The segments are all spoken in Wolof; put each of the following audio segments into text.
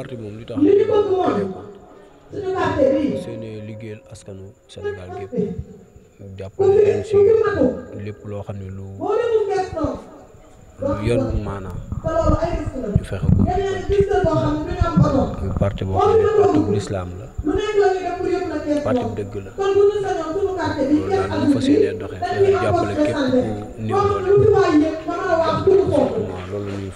parti moom li tax ñu askanu Sénégal gépp loo xam ne lu lu yanu bu lislaam la parti bu dëgg la loolu daal dañu fas yéene doxee fexe jàppale képp ku néew doole loolu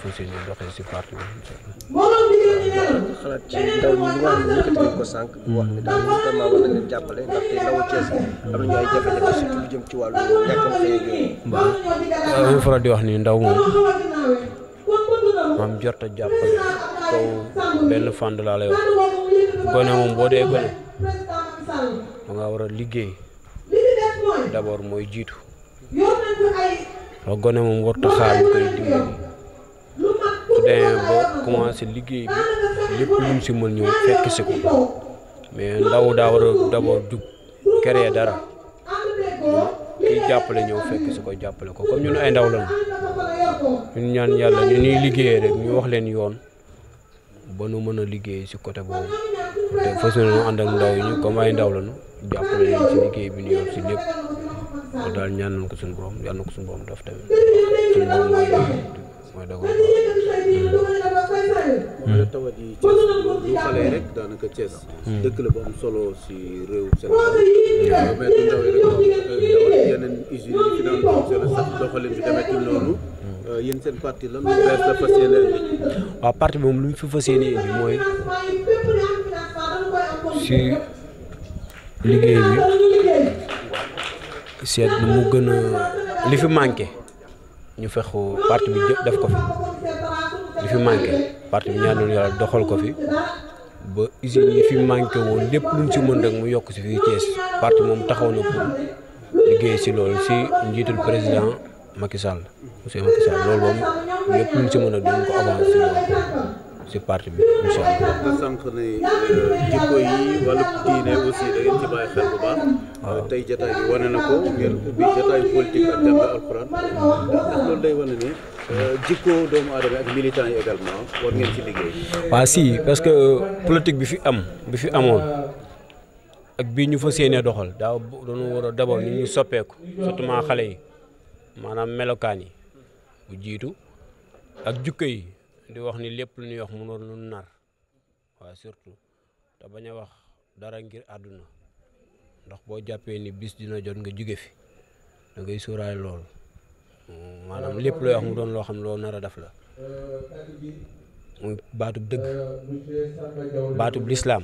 la ci ndaw ñi nga xam di wax ni ndaw moom maam jot a jàppale kaw benn fànn laa lay wax gone moom boo dee gone da war a liggéey d'abord mooy jiitu ndax gone moom warut xaar ñu koy dimbali. demee ba commencé liggéey bi lépp lu mu si mën ñu fekk si ko mais ndaw daa war a d'abord jug créer dara kiy jàppale ñëw fekk si ko jàppale ko comme ñun ay ndaw lañu ñun ñaan yàlla ñu ñuy liggéeyee rek ñu wax leen yoon ba nu mën a liggéey si côté boobu te fas yéene ànd ndaw yi ñu comme ay ndaw lañu jàppale leen si liggéey bi ñu yor si lépp ko daal ñaan nañ ko suñu borom yàlla ko suñu borom def mooy mooy dogal wala tawat yi dëkk la bu solo si réew Sénégal bi seen parti la parti moom lu ñu fi fas yéene mooy si liggéey bi seet nu mu gën a li fi manqué ñu fexu parti bi def ko fi li fi manqué parti bi ñaanoon yàlla doxal ko fi ba usines yi fi manqué woon lépp luñ si mën rek mu yokk si fii Thiès parti moom taxaw na pour liggéey si loolu si njiitul président Macky Sall monsieur Macky Sall loolu moom lépp luñ si mën a doon ko avancé si loolu ci parti bi incha allah. sànq euh, Euh, tey jotaay bi na ko ngeen ubbi jotaayu politique ak jàng alxuraan ndax loolu day wane ne euh, si parce que euh, politique bi fi am bi fi amoon ak bii ñu fa yéenee doxal daaw dañu war a d'abord ñu ñu soppeeku surtout maa xale yi maanaam melokaan yi bu jiitu ak jukka yi di wax ni lépp lu ñuy wax mënoon lu nar waaw surtout te bañ a wax dara ngir àdduna. ndox boo jàppee ni biis dina jot nga jóge fi da ngay sóoraale loolu maanaam lépp looy wax mu doon loo xam loo nar a def la muy baatub dëgg baatub lislaam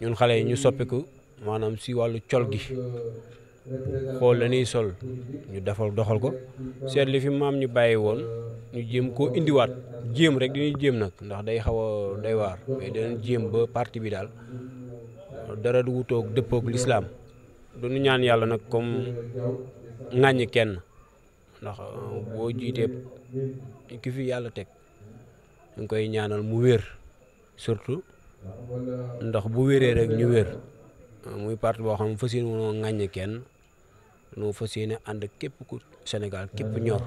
ñun xale yi ñu soppiku maanaam si wàllu col gi xool la sol ñu defal doxal ko seet li fi maam ñu bàyyi woon ñu jéem koo indiwaat jéem rek dañuy jéem nag ndax day xaw a day waar mais danañ jéem ba parti bi daal dara du wutoog dëppoog lislaam du ñaan yàlla nag comme ŋàññi kenn ndax euh, boo jiitee ki fi yàlla teg ñu koy ñaanal mu wér surtout ndax bu wéree rek ñu wér euh, muy parti boo xam fas yéene woon ŋàññi kenn noo fas yéene ànd képp ku Sénégal képp ñor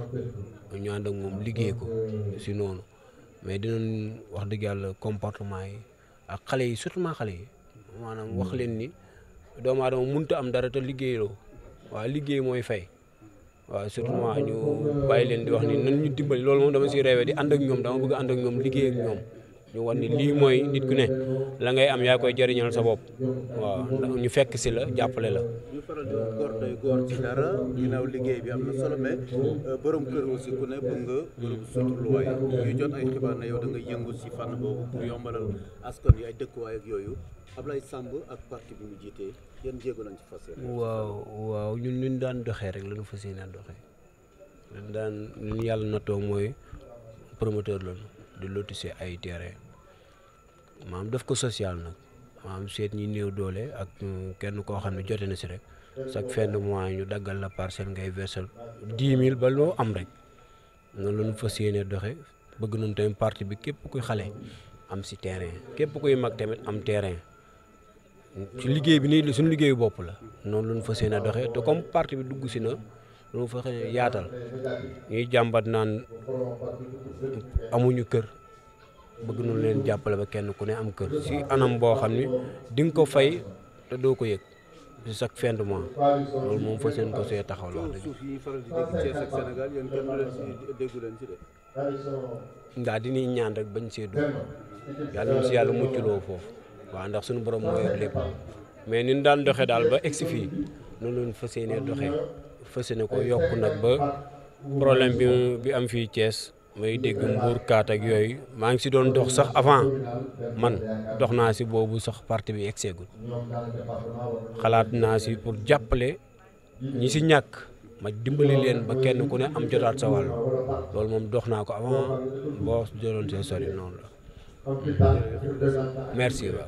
ñu ànd ak moom liggéey ko si noonu mais dinañ wax dëgg yàlla comportement yi ak xale yi surtout xale yi. maanaam wax leen ni doomu aadama mënut am dara te liggéeyaloo waaw liggéey mooy fay waaw surtout ma ñu bàyyi leen di wax ni nan ñu dimbali loolu moom dama si rêvé di ànd ak ñoom dama bëgg ànd ak ñoom liggéey ak ñoom. ñu wan ni lii mooy nit ku ne la ngay am yaa koy jariñal sa bopp waaw ndax ñu fekk si la jàppale la. ñu faral di góor day góor ci dara liggéey bi am na solo mais euh, borom kër aussi bëgg nga bërëb suturluwaay ñu jot ay xibaar ne yow si fànn boobu pour yombalal askan ak yooyu Ablaye Samb ak parti bi jiite yan jéego lañ ci fas yéene. waaw waaw daan doxee rek lañu fas yéene daan daan lu ñu yàlla nattoo mooy promoteur lañu. di si ay terrain maam def ko social nag maam seet ñi néew doole ak mm, kenn koo xam ne jote na si rek chaque fin de mois ñu daggal la parcelle ngay versel dix mille ba loo am rek noonu la fa fas yéene doxe bëgg nañ tamit parti bi képp kuy xale am si terrain képp kuy mag tamit am terrain ci liggéey bi nii suñu liggéeyu bopp la noonu la ñu fas yéene doxe te comme parti bi dugg si na. lu fa xëy yaatal ñuy jàmbat naan amuñu kër bëgg nu leen jàppale ba kenn ku ne am kër si anam boo xam ni di ko fay te doo ko yëg si chaque fend moom loolu moom fa seen ko see taxaw la wax dëgg. di dégg déggu leen si de. ndaa ñaan rek bañ see dugg yàlla ñu si yàlla foofu waaw ndax suñu borom moo yor lépp mais ni daan doxee daal ba egsi fii noonu la ñu fas yéenee fas yéene ko yokk nag ba problème bi bi am fii cees may dégg mbuur kaat yooyu maa ngi si doon dox sax avant man dox naa si boobu sax parti bi egseegul xalaat naa si pour jàppale ñi si ñàkk ma dimbali leen ba kenn ku ne am jotaat sa wàll loolu moom dox naa ko avant boo jëloon see sori noonu la